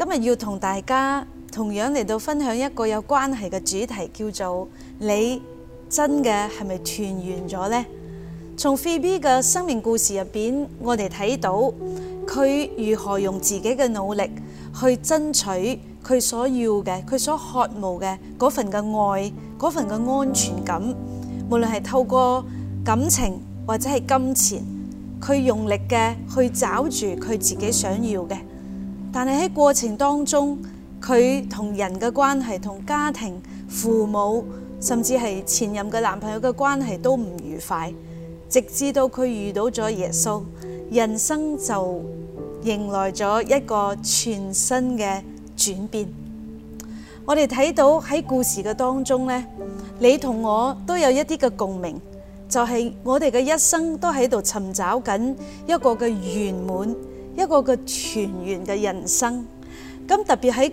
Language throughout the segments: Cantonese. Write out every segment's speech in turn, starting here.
今日要同大家同樣嚟到分享一個有關係嘅主題，叫做你真嘅係咪團圓咗呢？從菲比嘅生命故事入邊，我哋睇到佢如何用自己嘅努力去爭取佢所要嘅、佢所渴慕嘅嗰份嘅愛、嗰份嘅安全感，無論係透過感情或者係金錢，佢用力嘅去找住佢自己想要嘅。但係喺過程當中，佢同人嘅關係、同家庭、父母，甚至係前任嘅男朋友嘅關係都唔愉快，直至到佢遇到咗耶穌，人生就迎來咗一個全新嘅轉變。我哋睇到喺故事嘅當中呢，你同我都有一啲嘅共鳴，就係、是、我哋嘅一生都喺度尋找緊一個嘅圓滿。一個嘅團圓嘅人生，咁特別喺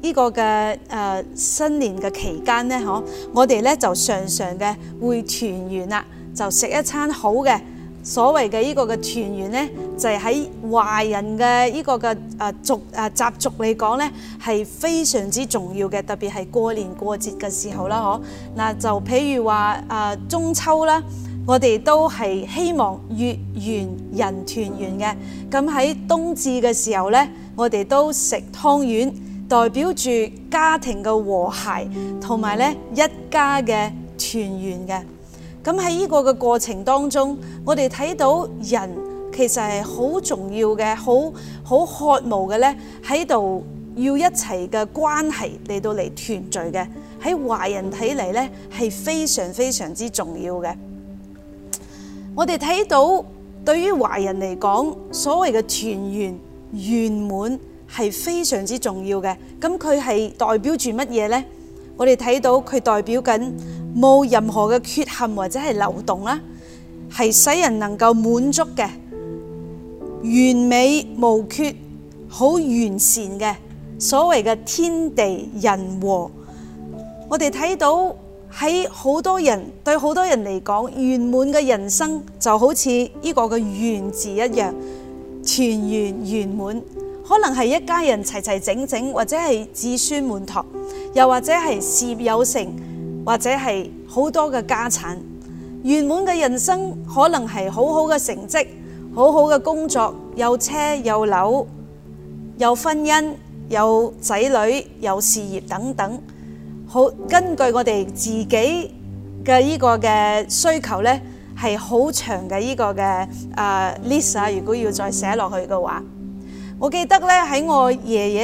呢個嘅誒、呃、新年嘅期間、啊、呢，嗬，我哋呢就常常嘅會團圓啦，就食一餐好嘅。所謂嘅呢個嘅團圓呢，就係喺華人嘅呢個嘅誒、啊、族誒、啊、習俗嚟講呢，係非常之重要嘅。特別係過年過節嘅時候啦，嗬、啊，嗱就譬如話誒、啊、中秋啦。我哋都係希望月圓人團圓嘅。咁喺冬至嘅時候呢，我哋都食湯圓，代表住家庭嘅和諧同埋呢一家嘅團圓嘅。咁喺呢個嘅過程當中，我哋睇到人其實係好重要嘅，好好渴望嘅呢喺度要一齊嘅關係嚟到嚟團聚嘅。喺華人睇嚟呢，係非常非常之重要嘅。我哋睇到，對於華人嚟講，所謂嘅團圓圓滿係非常之重要嘅。咁佢係代表住乜嘢呢？我哋睇到佢代表緊冇任何嘅缺陷或者係漏洞啦，係使人能夠滿足嘅完美無缺、好完善嘅所謂嘅天地人和。我哋睇到。喺好多人對好多人嚟講，圓滿嘅人生就好似呢個嘅圓字一樣，團圓圓滿，可能係一家人齊齊整整，或者係子孫滿堂，又或者係事業有成，或者係好多嘅家產。圓滿嘅人生可能係好好嘅成績，好好嘅工作，有車有樓，有婚姻，有仔女，有事業等等。好，根據我哋自己嘅依個嘅需求呢，係好長嘅依個嘅啊 list 啊，如果要再寫落去嘅話，我記得呢喺我爺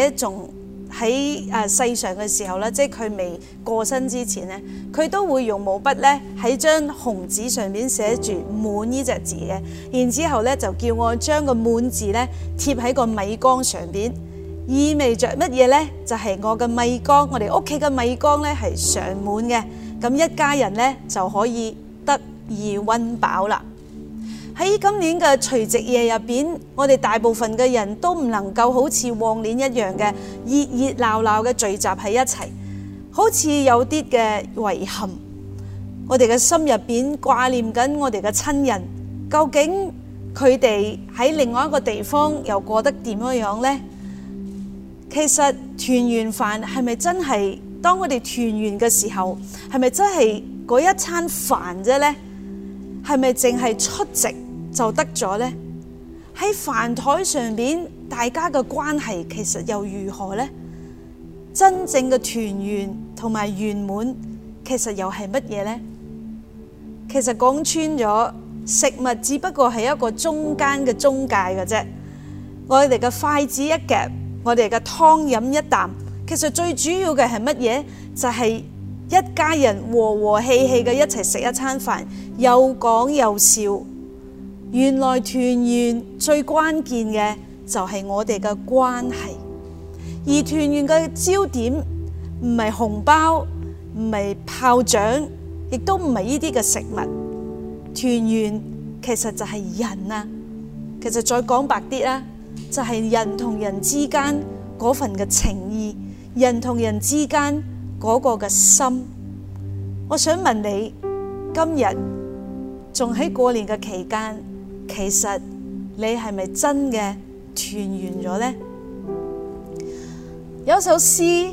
爺仲喺誒世上嘅時候呢，即係佢未過身之前呢，佢都會用毛筆呢喺張紅紙上面寫住滿呢隻字嘅，然之後呢，就叫我將個滿字呢貼喺個米缸上邊。意味着乜嘢呢？就係、是、我嘅米缸，我哋屋企嘅米缸咧係常滿嘅，咁一家人呢，就可以得以溫飽啦。喺今年嘅除夕夜入邊，我哋大部分嘅人都唔能夠好似往年一樣嘅熱熱鬧鬧嘅聚集喺一齊，好似有啲嘅遺憾。我哋嘅心入邊掛念緊我哋嘅親人，究竟佢哋喺另外一個地方又過得點樣樣呢？其實團圓飯係咪真係當我哋團圓嘅時候，係咪真係嗰一餐飯啫呢？係咪淨係出席就得咗呢？喺飯台上面，大家嘅關係其實又如何呢？真正嘅團圓同埋圓滿，其實又係乜嘢呢？其實講穿咗，食物只不過係一個中間嘅中介嘅啫，我哋嘅筷子一夾。我哋嘅湯飲一啖，其實最主要嘅係乜嘢？就係一家人和和氣氣嘅一齊食一餐飯，又講又笑。原來團圓最關鍵嘅就係我哋嘅關係，而團圓嘅焦點唔係紅包，唔係炮仗，亦都唔係呢啲嘅食物。團圓其實就係人啊！其實再講白啲啦。就係、是、人同人之間嗰份嘅情意，人同人之間嗰個嘅心。我想問你，今日仲喺過年嘅期間，其實你係咪真嘅團圓咗呢？有首詩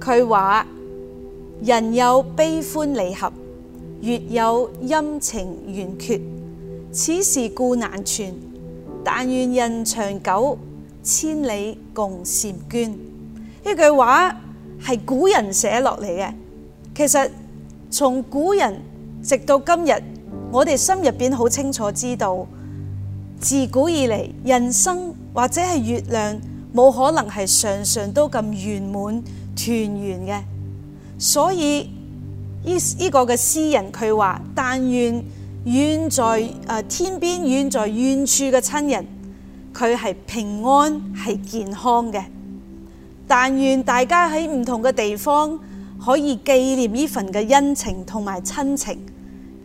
佢話：人有悲歡離合，月有陰晴圓缺，此事古難全。但願人長久，千里共嬋娟。呢句話係古人寫落嚟嘅。其實從古人直到今日，我哋心入邊好清楚知道，自古以來人生或者係月亮，冇可能係常常都咁圓滿團圓嘅。所以呢呢、呢個嘅詩人佢話：但願。遠在誒、呃、天邊，遠在遠處嘅親人，佢係平安，係健康嘅。但願大家喺唔同嘅地方可以紀念呢份嘅恩情同埋親情，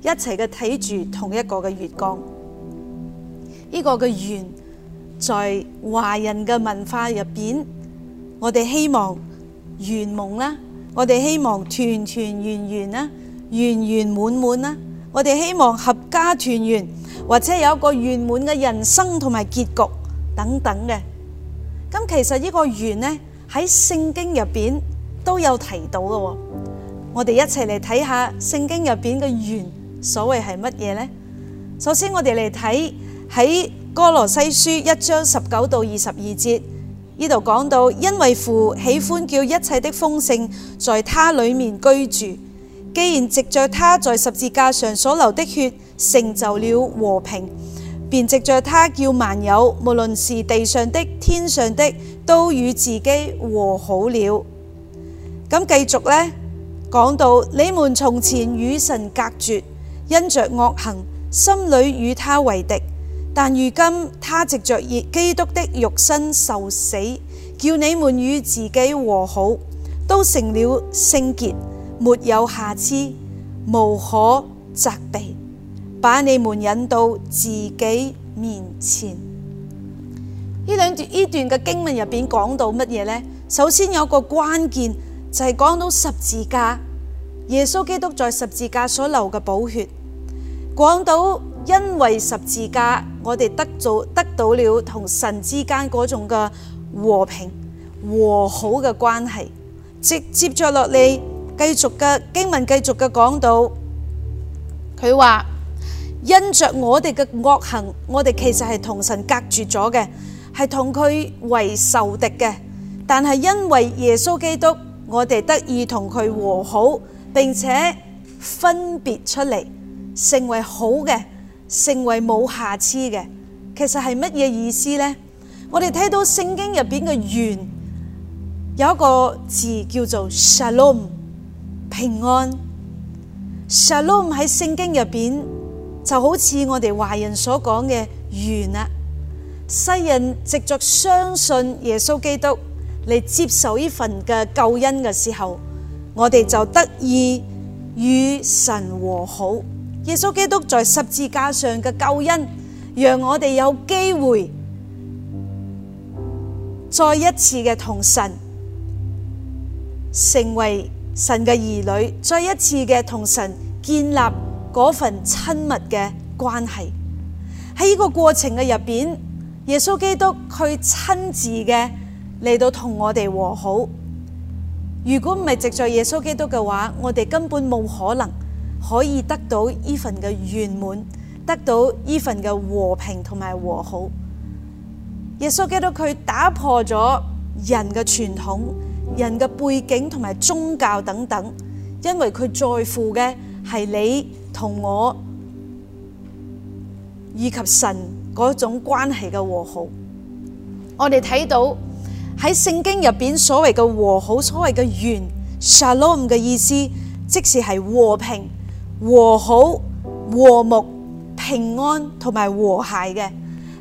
一齊嘅睇住同一個嘅月光。呢、這個嘅圓，在華人嘅文化入邊，我哋希望圓夢啦，我哋希望團團圓圓啦，圓圓滿滿啦。我哋希望合家團圓，或者有一個圓滿嘅人生同埋結局等等嘅。咁其實呢個圓呢，喺聖經入邊都有提到嘅。我哋一齊嚟睇下聖經入邊嘅圓，所謂係乜嘢呢？首先我哋嚟睇喺哥羅西書一章十九到二十二節，呢度講到，因為父喜歡叫一切的豐盛在他裏面居住。既然藉着他在十字架上所流的血成就了和平，便藉着他叫萬有，無論是地上的、天上的，都與自己和好了。咁繼續呢？講到你們從前與神隔絕，因着惡行，心裏與他為敵；但如今他藉着基督的肉身受死，叫你們與自己和好，都成了聖潔。沒有瑕疵，無可責備，把你們引到自己面前。呢兩段呢段嘅經文入邊講到乜嘢呢？首先有個關鍵就係、是、講到十字架，耶穌基督在十字架所流嘅寶血，講到因為十字架，我哋得做得到了同神之間嗰種嘅和平和好嘅關係，直接着落嚟。繼續嘅經文，繼續嘅講到，佢話因著我哋嘅惡行，我哋其實係同神隔絕咗嘅，係同佢為仇敵嘅。但係因為耶穌基督，我哋得以同佢和好，並且分別出嚟，成為好嘅，成為冇瑕疵嘅。其實係乜嘢意思呢？我哋睇到聖經入邊嘅圓有一個字叫做 shalom。平安，Shalom 喺聖經入邊就好似我哋華人所講嘅完啦。世人藉着相信耶穌基督嚟接受呢份嘅救恩嘅時候，我哋就得以與神和好。耶穌基督在十字架上嘅救恩，讓我哋有機會再一次嘅同神成為。神嘅兒女再一次嘅同神建立嗰份親密嘅關係，喺呢個過程嘅入邊，耶穌基督佢親自嘅嚟到同我哋和好。如果唔係藉着耶穌基督嘅話，我哋根本冇可能可以得到呢份嘅圓滿，得到呢份嘅和平同埋和好。耶穌基督佢打破咗人嘅傳統。人嘅背景同埋宗教等等，因為佢在乎嘅係你同我以及神嗰種關係嘅和好。我哋睇到喺聖經入邊所謂嘅和好，所謂嘅原 Shalom 嘅意思，即是係和平、和好、和睦、平安同埋和諧嘅，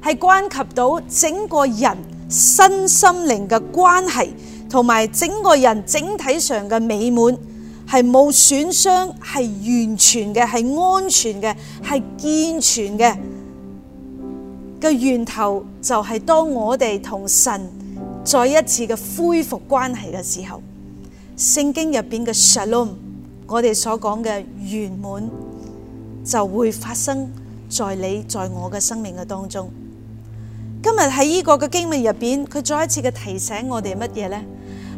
係關係到整個人身心靈嘅關係。同埋整個人整體上嘅美滿係冇損傷，係完全嘅，係安全嘅，係健全嘅。嘅源頭就係當我哋同神再一次嘅恢復關係嘅時候，聖經入邊嘅 shalom，我哋所講嘅圓滿就會發生在你在我嘅生命嘅當中。今日喺呢個嘅經歷入邊，佢再一次嘅提醒我哋乜嘢咧？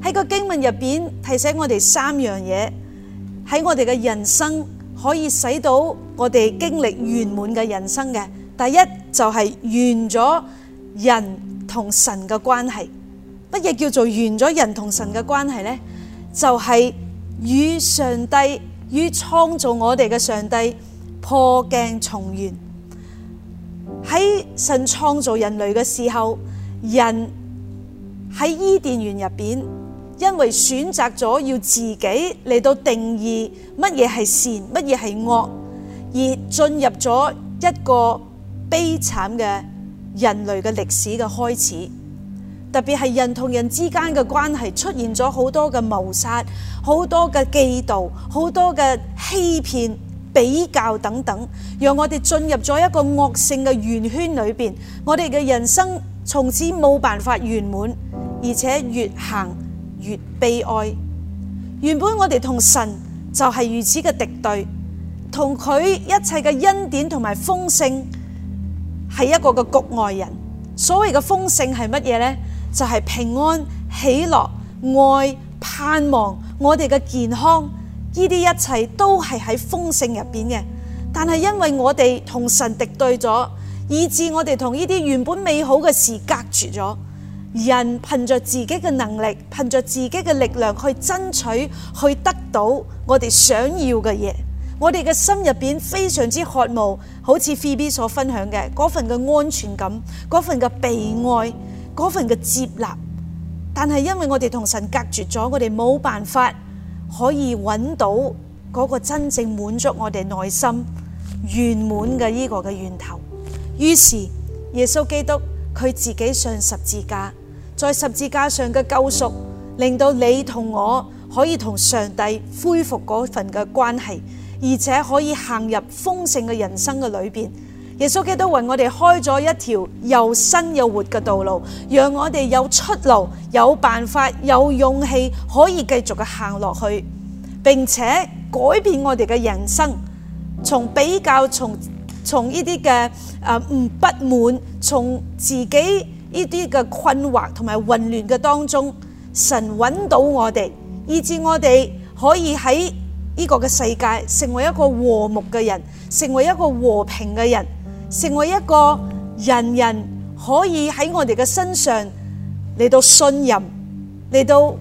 喺個經文入邊，提醒我哋三樣嘢，喺我哋嘅人生可以使到我哋經歷圓滿嘅人生嘅。第一就係、是、完咗人同神嘅關係。乜嘢叫做完咗人同神嘅關係呢？就係、是、與上帝，與創造我哋嘅上帝破鏡重圓。喺神創造人類嘅時候，人喺伊甸園入邊。因為選擇咗要自己嚟到定義乜嘢係善，乜嘢係惡，而進入咗一個悲慘嘅人類嘅歷史嘅開始。特別係人同人之間嘅關係出現咗好多嘅謀殺，好多嘅嫉妒，好多嘅欺騙、比較等等，讓我哋進入咗一個惡性嘅圓圈裏邊，我哋嘅人生從此冇辦法圓滿，而且越行。越悲哀，原本我哋同神就係如此嘅敵對，同佢一切嘅恩典同埋豐盛，係一個嘅局外人。所謂嘅豐盛係乜嘢咧？就係平安、喜樂、愛、盼望，我哋嘅健康，呢啲一切都係喺豐盛入邊嘅。但係因為我哋同神敵對咗，以致我哋同呢啲原本美好嘅事隔絕咗。人憑着自己嘅能力，憑着自己嘅力量去爭取，去得到我哋想要嘅嘢。我哋嘅心入邊非常之渴慕，好似 Phoebe 所分享嘅嗰份嘅安全感，嗰份嘅被愛，嗰份嘅接納。但係因為我哋同神隔絕咗，我哋冇辦法可以揾到嗰個真正滿足我哋內心圓滿嘅呢個嘅源頭。於是耶穌基督佢自己上十字架。在十字架上嘅救贖，令到你同我可以同上帝恢復嗰份嘅關係，而且可以行入豐盛嘅人生嘅裏邊。耶穌基督為我哋開咗一條又新又活嘅道路，讓我哋有出路、有辦法、有勇氣可以繼續嘅行落去，並且改變我哋嘅人生。從比較，從從呢啲嘅誒唔不滿，從自己。呢啲嘅困惑同埋混亂嘅當中，神揾到我哋，以致我哋可以喺呢個嘅世界成為一個和睦嘅人，成為一個和平嘅人，成為一個人人可以喺我哋嘅身上嚟到信任，嚟到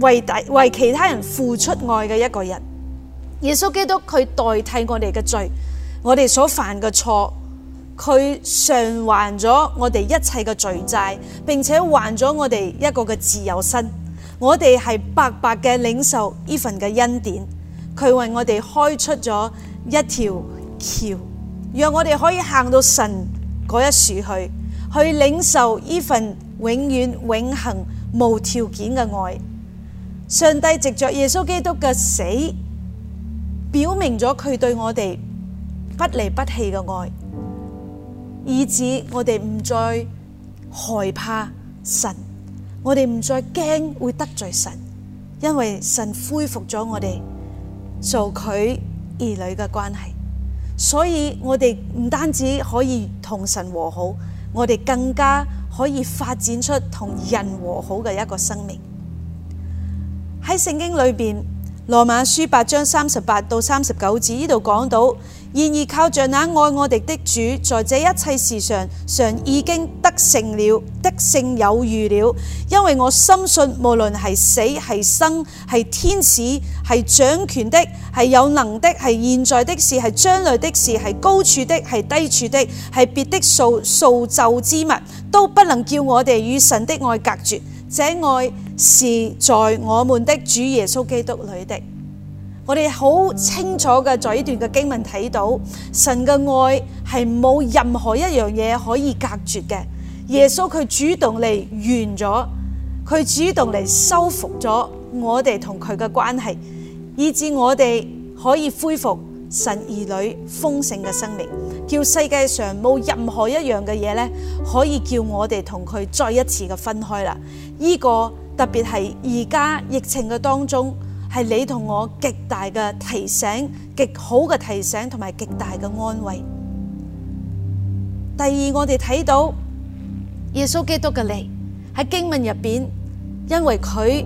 為大為其他人付出愛嘅一個人。耶穌基督佢代替我哋嘅罪，我哋所犯嘅錯。佢償還咗我哋一切嘅罪債，並且還咗我哋一個嘅自由身。我哋係白白嘅領受呢份嘅恩典。佢為我哋開出咗一條橋，讓我哋可以行到神嗰一樹去，去領受呢份永遠永恒無條件嘅愛。上帝藉著耶穌基督嘅死，表明咗佢對我哋不離不棄嘅愛。以致我哋唔再害怕神，我哋唔再驚會得罪神，因為神恢復咗我哋做佢兒女嘅關係。所以我哋唔單止可以同神和好，我哋更加可以發展出同人和好嘅一個生命。喺聖經裏邊，羅馬書八章三十八到三十九節呢度講到。然而靠着那愛我哋的主，在這一切事上，上已經得勝了，得勝有餘了。因為我深信，無論係死係生，係天使，係掌權的，係有能的，係現在的事，係將來的事，係高處的，係低處的，係別的數數就之物，都不能叫我哋與神的愛隔絕。這愛是在我們的主耶穌基督裏的。我哋好清楚嘅，在呢段嘅經文睇到，神嘅愛係冇任何一樣嘢可以隔絕嘅。耶穌佢主動嚟完咗，佢主動嚟修復咗我哋同佢嘅關係，以至我哋可以恢復神兒女豐盛嘅生命，叫世界上冇任何一樣嘅嘢咧，可以叫我哋同佢再一次嘅分開啦。呢個特別係而家疫情嘅當中。係你同我極大嘅提醒，極好嘅提醒，同埋極大嘅安慰。第二，我哋睇到耶穌基督嘅利喺經文入邊，因為佢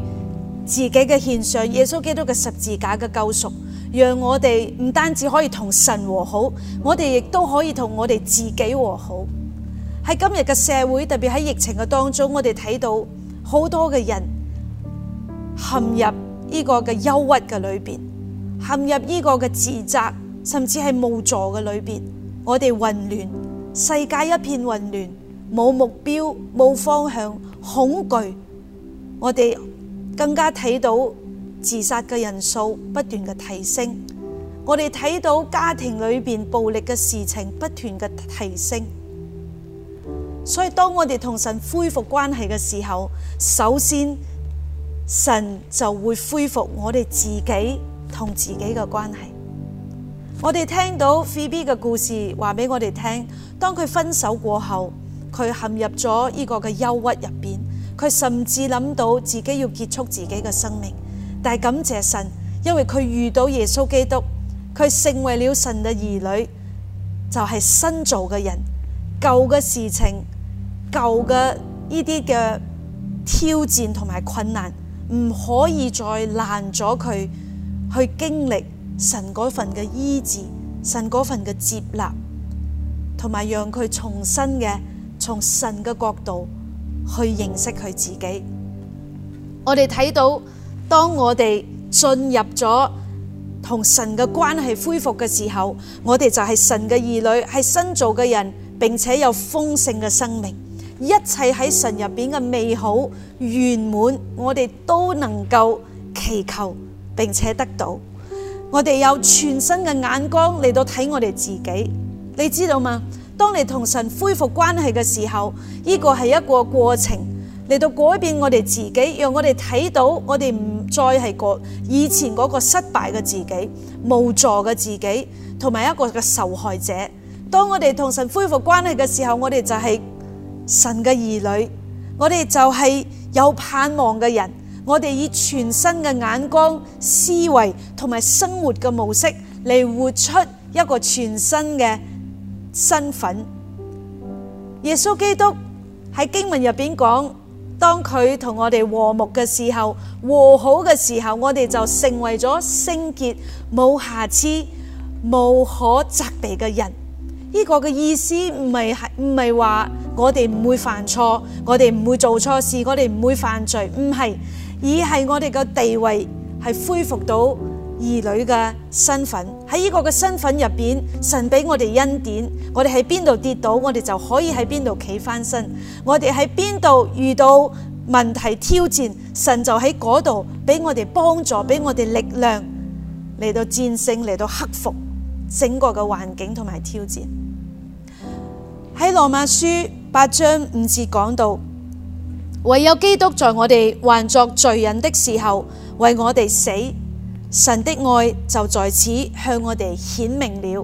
自己嘅獻上，耶穌基督嘅十字架嘅救贖，讓我哋唔單止可以同神和好，我哋亦都可以同我哋自己和好。喺今日嘅社會，特別喺疫情嘅當中，我哋睇到好多嘅人陷入。呢個嘅憂鬱嘅裏邊，陷入呢個嘅自責，甚至係無助嘅裏邊，我哋混亂，世界一片混亂，冇目標，冇方向，恐懼。我哋更加睇到自殺嘅人數不斷嘅提升，我哋睇到家庭裏邊暴力嘅事情不斷嘅提升。所以當我哋同神恢復關係嘅時候，首先。神就會恢復我哋自己同自己嘅關係。我哋聽到 Phoebe 嘅故事，話俾我哋聽。當佢分手過後，佢陷入咗呢個嘅憂鬱入邊，佢甚至諗到自己要結束自己嘅生命。但係感謝神，因為佢遇到耶穌基督，佢成為了神嘅兒女，就係、是、新造嘅人。舊嘅事情、舊嘅呢啲嘅挑戰同埋困難。唔可以再爛咗佢，去經歷神嗰份嘅醫治，神嗰份嘅接納，同埋讓佢重新嘅從神嘅角度去認識佢自己。嗯、我哋睇到，當我哋進入咗同神嘅關係恢復嘅時候，我哋就係神嘅兒女，係新造嘅人，並且有豐盛嘅生命。一切喺神入邊嘅美好圓滿，我哋都能夠祈求並且得到。我哋有全新嘅眼光嚟到睇我哋自己，你知道嗎？當你同神恢復關係嘅時候，呢個係一個過程嚟到改變我哋自己，讓我哋睇到我哋唔再係個以前嗰個失敗嘅自己、無助嘅自己，同埋一個嘅受害者。當我哋同神恢復關係嘅時候，我哋就係、是。神嘅兒女，我哋就係有盼望嘅人。我哋以全新嘅眼光、思維同埋生活嘅模式嚟活出一個全新嘅身份。耶穌基督喺經文入邊講，當佢同我哋和睦嘅時候，和好嘅時候，我哋就成為咗聖潔、冇瑕疵、無可責備嘅人。呢個嘅意思唔係係唔係話我哋唔會犯錯，我哋唔會做錯事，我哋唔會犯罪，唔係，而係我哋個地位係恢復到兒女嘅身份。喺呢個嘅身份入邊，神俾我哋恩典，我哋喺邊度跌倒，我哋就可以喺邊度企翻身。我哋喺邊度遇到問題挑戰，神就喺嗰度俾我哋幫助，俾我哋力量，嚟到戰勝，嚟到克服。整個嘅環境同埋挑戰，喺羅馬書八章五節講到，唯有基督在我哋還作罪人的時候為我哋死，神的愛就在此向我哋顯明了。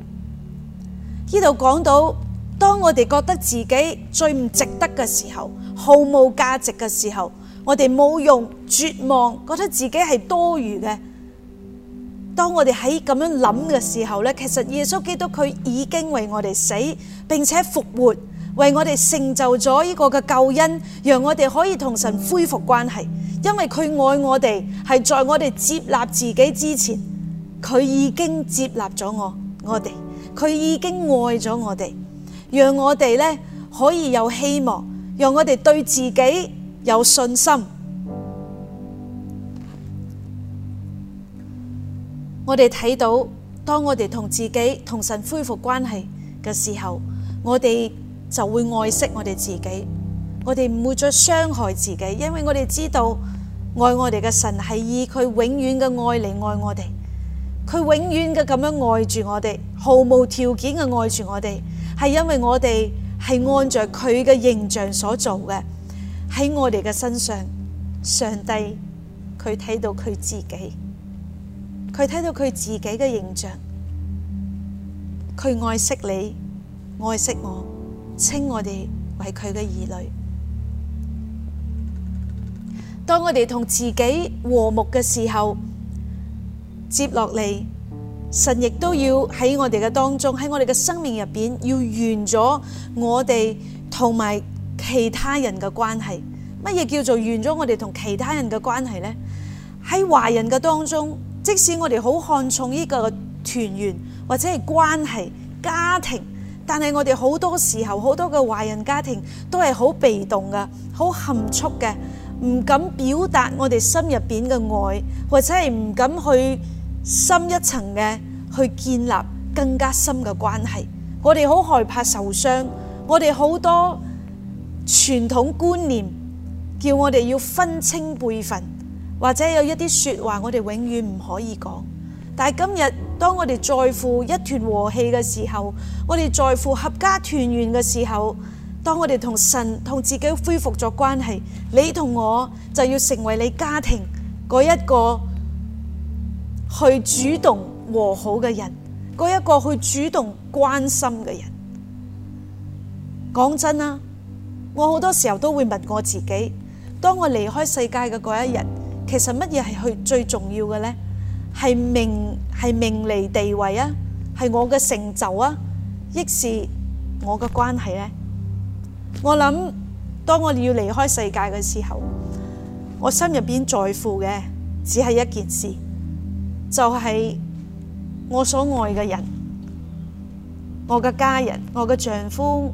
呢度講到，當我哋覺得自己最唔值得嘅時候，毫無價值嘅時候，我哋冇用、絕望，覺得自己係多餘嘅。當我哋喺咁樣諗嘅時候呢，其實耶穌基督佢已經為我哋死，並且復活，為我哋成就咗呢個嘅救恩，讓我哋可以同神恢復關係。因為佢愛我哋，係在我哋接納自己之前，佢已經接納咗我我哋，佢已經愛咗我哋，讓我哋呢可以有希望，讓我哋對自己有信心。我哋睇到，當我哋同自己、同神恢復關係嘅時候，我哋就會愛惜我哋自己，我哋唔會再傷害自己，因為我哋知道愛我哋嘅神係以佢永遠嘅愛嚟愛我哋，佢永遠嘅咁樣愛住我哋，毫無條件嘅愛住我哋，係因為我哋係按着佢嘅形象所做嘅，喺我哋嘅身上，上帝，佢睇到佢自己。佢睇到佢自己嘅形象，佢愛惜你，愛惜我，稱我哋為佢嘅兒女。當我哋同自己和睦嘅時候，接落嚟，神亦都要喺我哋嘅當中，喺我哋嘅生命入邊，要完咗我哋同埋其他人嘅關係。乜嘢叫做完咗我哋同其他人嘅關係呢？喺華人嘅當中。即使我哋好看重呢個團圓或者係關係家庭，但係我哋好多時候好多嘅華人家庭都係好被動嘅，好含蓄嘅，唔敢表達我哋心入邊嘅愛，或者係唔敢去深一層嘅去建立更加深嘅關係。我哋好害怕受傷，我哋好多傳統觀念叫我哋要分清輩份。或者有一啲說話，我哋永遠唔可以講。但係今日，當我哋在乎一團和氣嘅時候，我哋在乎合家團圓嘅時候，當我哋同神同自己恢復咗關係，你同我就要成為你家庭嗰一個去主動和好嘅人，嗰一個去主動關心嘅人。講真啊，我好多時候都會問我自己：當我離開世界嘅嗰一日？其實乜嘢係去最重要嘅咧？係名，係名利地位啊，係我嘅成就啊，亦是我嘅關係咧。我諗，當我要離開世界嘅時候，我心入邊在乎嘅只係一件事，就係、是、我所愛嘅人，我嘅家人，我嘅丈夫，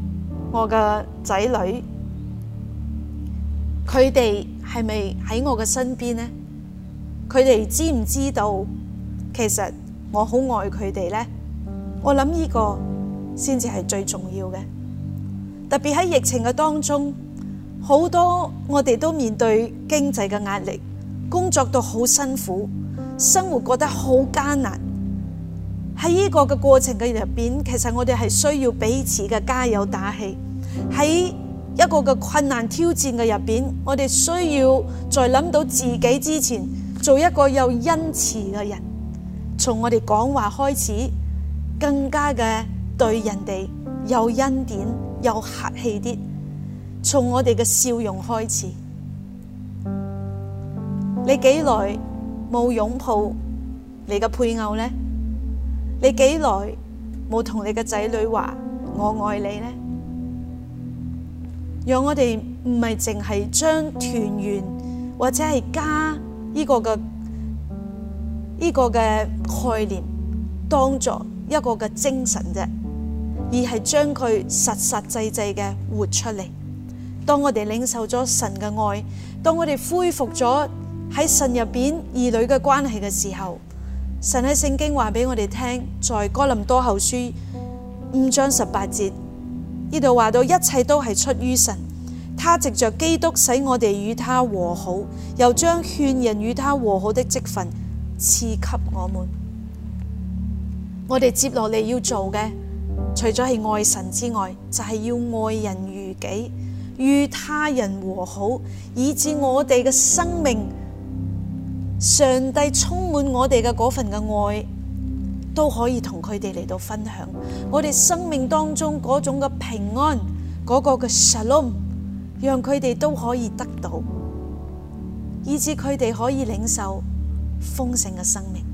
我嘅仔女，佢哋。係咪喺我嘅身邊呢？佢哋知唔知道其實我好愛佢哋呢？我諗呢個先至係最重要嘅。特別喺疫情嘅當中，好多我哋都面對經濟嘅壓力，工作到好辛苦，生活過得好艱難。喺呢個嘅過程嘅入邊，其實我哋係需要彼此嘅加油打氣。喺一個嘅困難挑戰嘅入邊，我哋需要在諗到自己之前，做一個有恩慈嘅人。從我哋講話開始，更加嘅對人哋有恩典，有客氣啲。從我哋嘅笑容開始。你幾耐冇擁抱你嘅配偶呢？你幾耐冇同你嘅仔女話我愛你呢？讓我哋唔係淨係將團圓或者係家呢個嘅呢個嘅概念當作一個嘅精神啫，而係將佢實實際際嘅活出嚟。當我哋領受咗神嘅愛，當我哋恢復咗喺神入邊兒女嘅關係嘅時候，神喺聖經話俾我哋聽，在哥林多後書五章十八節。呢度話到一切都係出於神，他藉着基督使我哋與他和好，又將勸人與他和好的職分賜給我們。我哋接落嚟要做嘅，除咗係愛神之外，就係要愛人如己，與他人和好，以致我哋嘅生命，上帝充滿我哋嘅嗰份嘅愛。都可以同佢哋嚟到分享，我哋生命當中嗰種嘅平安，嗰、嗰個嘅 shalom，讓佢哋都可以得到，以至佢哋可以領受豐盛嘅生命。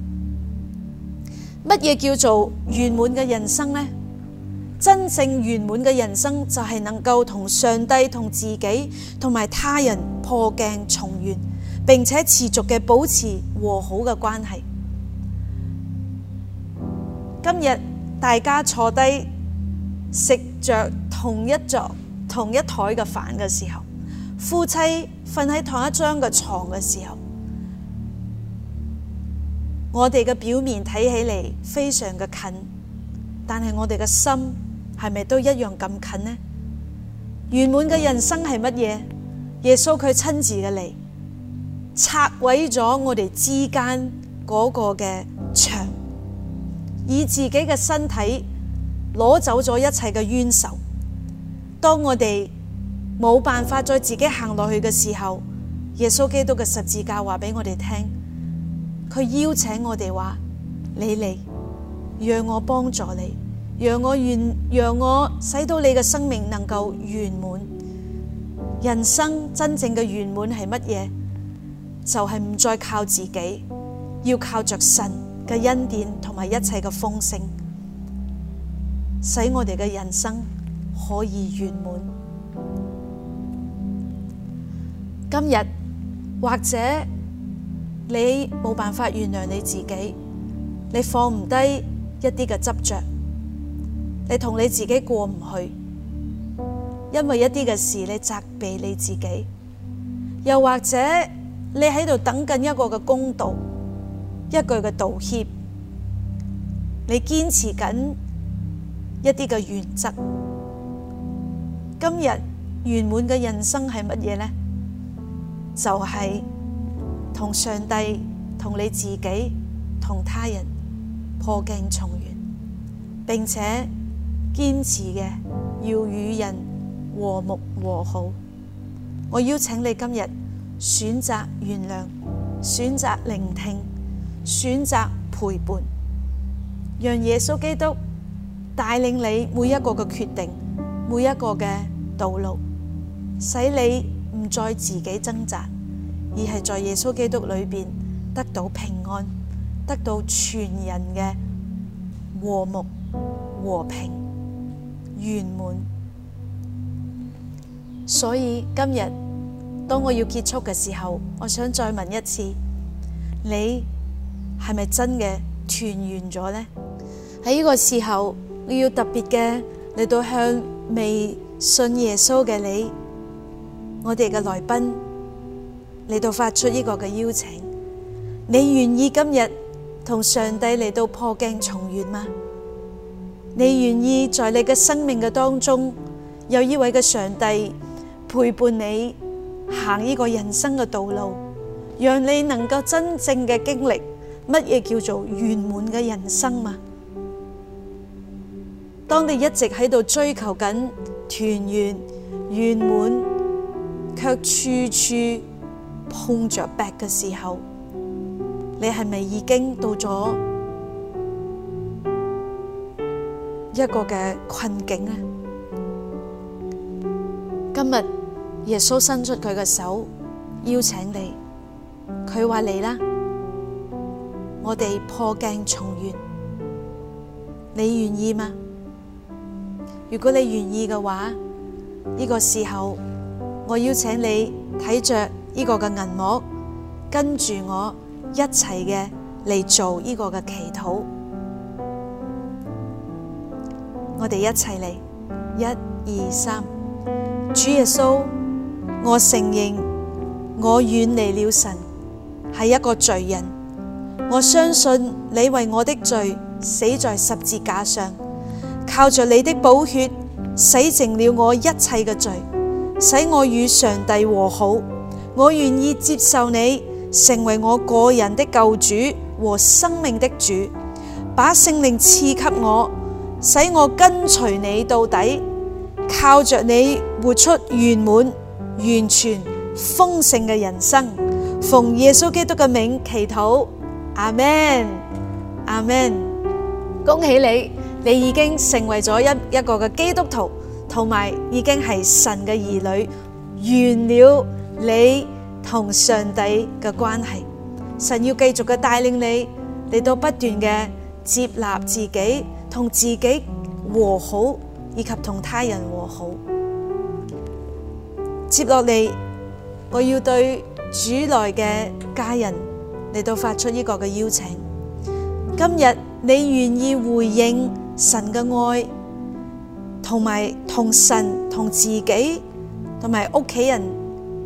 乜嘢叫做圓滿嘅人生咧？真正圓滿嘅人生就係能夠同上帝、同自己、同埋他人破鏡重圓，並且持續嘅保持和好嘅關係。今日大家坐低食着同一桌，同一台嘅飯嘅時候，夫妻瞓喺同一張嘅床嘅時候，我哋嘅表面睇起嚟非常嘅近，但係我哋嘅心係咪都一樣咁近呢？圓滿嘅人生係乜嘢？耶穌佢親自嘅嚟拆毀咗我哋之間個嘅牆。以自己嘅身體攞走咗一切嘅冤仇。當我哋冇辦法再自己行落去嘅時候，耶穌基督嘅十字架話俾我哋聽，佢邀請我哋話：你嚟，讓我幫助你，讓我願讓我使到你嘅生命能夠圓滿。人生真正嘅圓滿係乜嘢？就係唔再靠自己，要靠着神。嘅恩典同埋一切嘅豐盛，使我哋嘅人生可以圓滿。今日或者你冇辦法原諒你自己，你放唔低一啲嘅執着，你同你自己過唔去，因為一啲嘅事你責備你自己，又或者你喺度等緊一個嘅公道。一句嘅道歉，你堅持緊一啲嘅原則。今日圓滿嘅人生係乜嘢咧？就係同上帝、同你自己、同他人破鏡重圓，並且堅持嘅要與人和睦和好。我邀請你今日選擇原諒，選擇聆聽。選擇陪伴，讓耶穌基督帶領你每一個嘅決定，每一個嘅道路，使你唔再自己掙扎，而係在耶穌基督裏面得到平安，得到全人嘅和睦和平圓滿。所以今日當我要結束嘅時候，我想再問一次你。係咪真嘅團圓咗呢？喺呢個時候我要特別嘅嚟到向未信耶穌嘅你，我哋嘅來賓嚟到發出呢個嘅邀請。你願意今日同上帝嚟到破鏡重圓嗎？你願意在你嘅生命嘅當中有呢位嘅上帝陪伴你行呢個人生嘅道路，讓你能夠真正嘅經歷？乜嘢叫做圓滿嘅人生嘛？當你一直喺度追求緊團圓、圓滿，卻處處碰着壁嘅時候，你係咪已經到咗一個嘅困境咧？今日耶穌伸出佢嘅手邀請你，佢話你啦。我哋破鏡重圓，你願意嗎？如果你願意嘅話，呢個時候，我邀請你睇着呢個嘅銀幕，跟住我一齊嘅嚟做呢個嘅祈禱。我哋一齊嚟，一二三，主耶穌，我承認我遠離了神，係一個罪人。我相信你為我的罪死在十字架上，靠着你的寶血洗淨了我一切嘅罪，使我與上帝和好。我願意接受你成為我個人的救主和生命的主，把聖靈賜給我，使我跟隨你到底，靠着你活出圓滿、完全、豐盛嘅人生。奉耶穌基督嘅名祈禱。阿門，阿門，恭喜你，你已經成為咗一一個嘅基督徒，同埋已經係神嘅兒女，完了你同上帝嘅關係。神要繼續嘅帶領你，你都不斷嘅接納自己，同自己和好，以及同他人和好。接落嚟，我要對主內嘅家人，嚟到發出呢個嘅邀請，今日你願意回應神嘅愛，同埋同神同自己同埋屋企人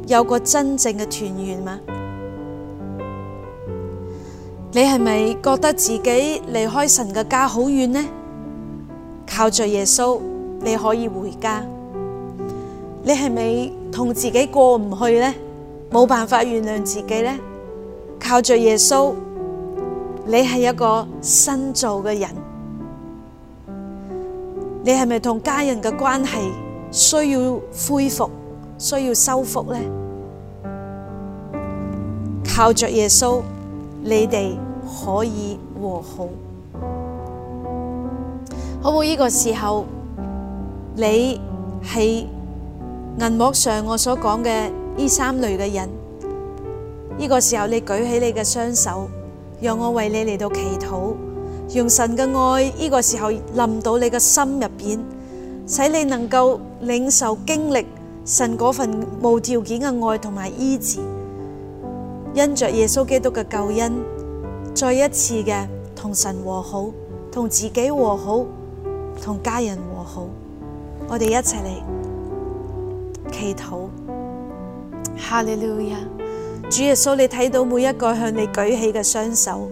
有個真正嘅團圓嗎？你係咪覺得自己離開神嘅家好遠呢？靠着耶穌你可以回家。你係咪同自己過唔去呢？冇辦法原諒自己呢？靠着耶穌，你係一個新造嘅人。你係咪同家人嘅關係需要恢復、需要修復呢？靠着耶穌，你哋可以和好。可唔可以呢個時候，你係銀幕上我所講嘅呢三類嘅人？呢個時候，你舉起你嘅雙手，讓我為你嚟到祈禱，讓神嘅愛，呢個時候臨到你嘅心入邊，使你能夠領受經歷神嗰份無條件嘅愛同埋醫治，因着耶穌基督嘅救恩，再一次嘅同神和好，同自己和好，同家人和好，我哋一齊嚟祈禱，Hallelujah. 主耶穌，你睇到每一個向你舉起嘅雙手，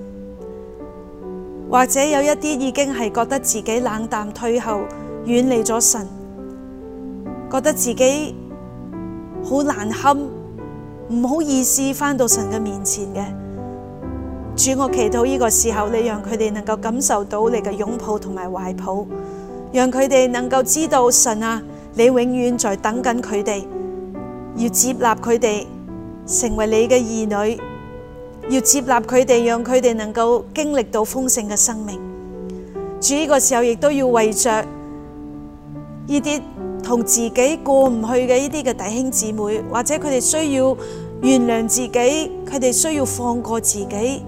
或者有一啲已經係覺得自己冷淡退後，遠離咗神，覺得自己好難堪，唔好意思返到神嘅面前嘅。主，我祈禱呢個時候，你讓佢哋能夠感受到你嘅擁抱同埋懷抱，讓佢哋能夠知道神啊，你永遠在等緊佢哋，要接納佢哋。成為你嘅兒女，要接納佢哋，讓佢哋能夠經歷到豐盛嘅生命。主，呢個時候亦都要為着呢啲同自己過唔去嘅呢啲嘅弟兄姊妹，或者佢哋需要原諒自己，佢哋需要放過自己。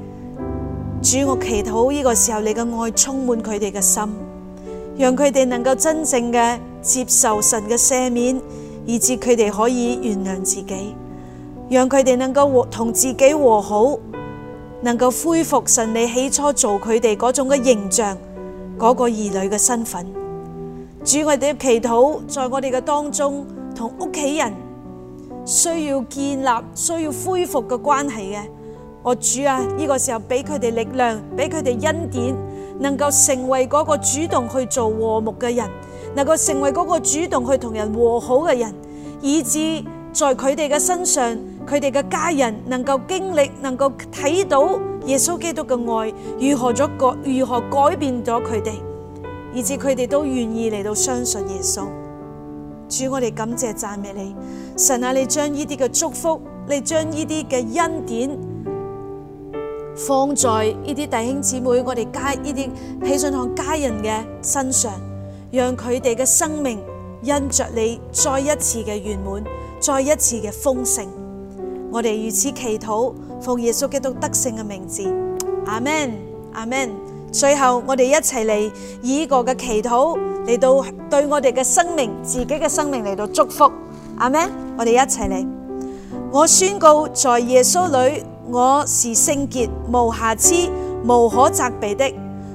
主，我祈禱呢個時候，你嘅愛充滿佢哋嘅心，讓佢哋能夠真正嘅接受神嘅赦免，以至佢哋可以原諒自己。讓佢哋能夠和同自己和好，能夠恢復神你起初做佢哋嗰種嘅形象，嗰個兒女嘅身份。主，我哋嘅祈禱，在我哋嘅當中，同屋企人需要建立、需要恢復嘅關係嘅，我主啊，呢個時候俾佢哋力量，俾佢哋恩典，能夠成為嗰個主動去做和睦嘅人，能夠成為嗰個主動去同人和好嘅人，以至在佢哋嘅身上。佢哋嘅家人能夠經歷，能夠睇到耶穌基督嘅愛，如何咗改，如何改變咗佢哋，以至佢哋都願意嚟到相信耶穌。主，我哋感謝讚美你，神啊！你將呢啲嘅祝福，你將呢啲嘅恩典放在呢啲弟兄姊妹，我哋家呢啲喜信堂家人嘅身上，讓佢哋嘅生命因着你再一次嘅圓滿，再一次嘅豐盛。我哋如此祈禱，奉耶穌基督得勝嘅名字，阿門，阿門。最後，我哋一齊嚟以呢個嘅祈禱嚟到對我哋嘅生命、自己嘅生命嚟到祝福，阿門。我哋一齊嚟。我宣告，在耶穌裏，我是聖潔、無瑕疵、無可責備的。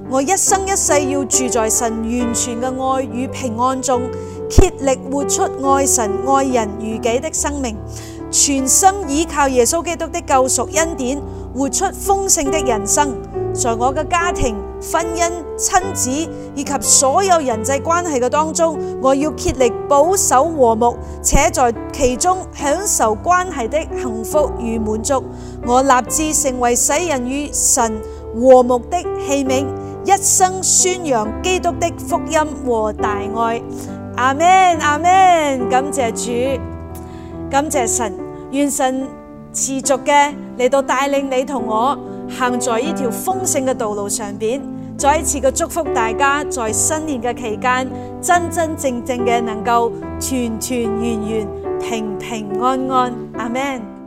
我一生一世要住在神完全嘅愛與平安中，竭力活出愛神愛人如己的生命。全心倚靠耶穌基督的救贖恩典，活出豐盛的人生。在我嘅家庭、婚姻、親子以及所有人際關係嘅當中，我要竭力保守和睦，且在其中享受關係的幸福與滿足。我立志成為使人與神和睦的器皿，一生宣揚基督的福音和大愛。阿門，阿門。感謝主。感謝神，願神持續嘅嚟到帶領你同我行在呢條豐盛嘅道路上邊。再一次嘅祝福大家，在新年嘅期間，真真正正嘅能夠團團圓圓、平平安安。阿 man。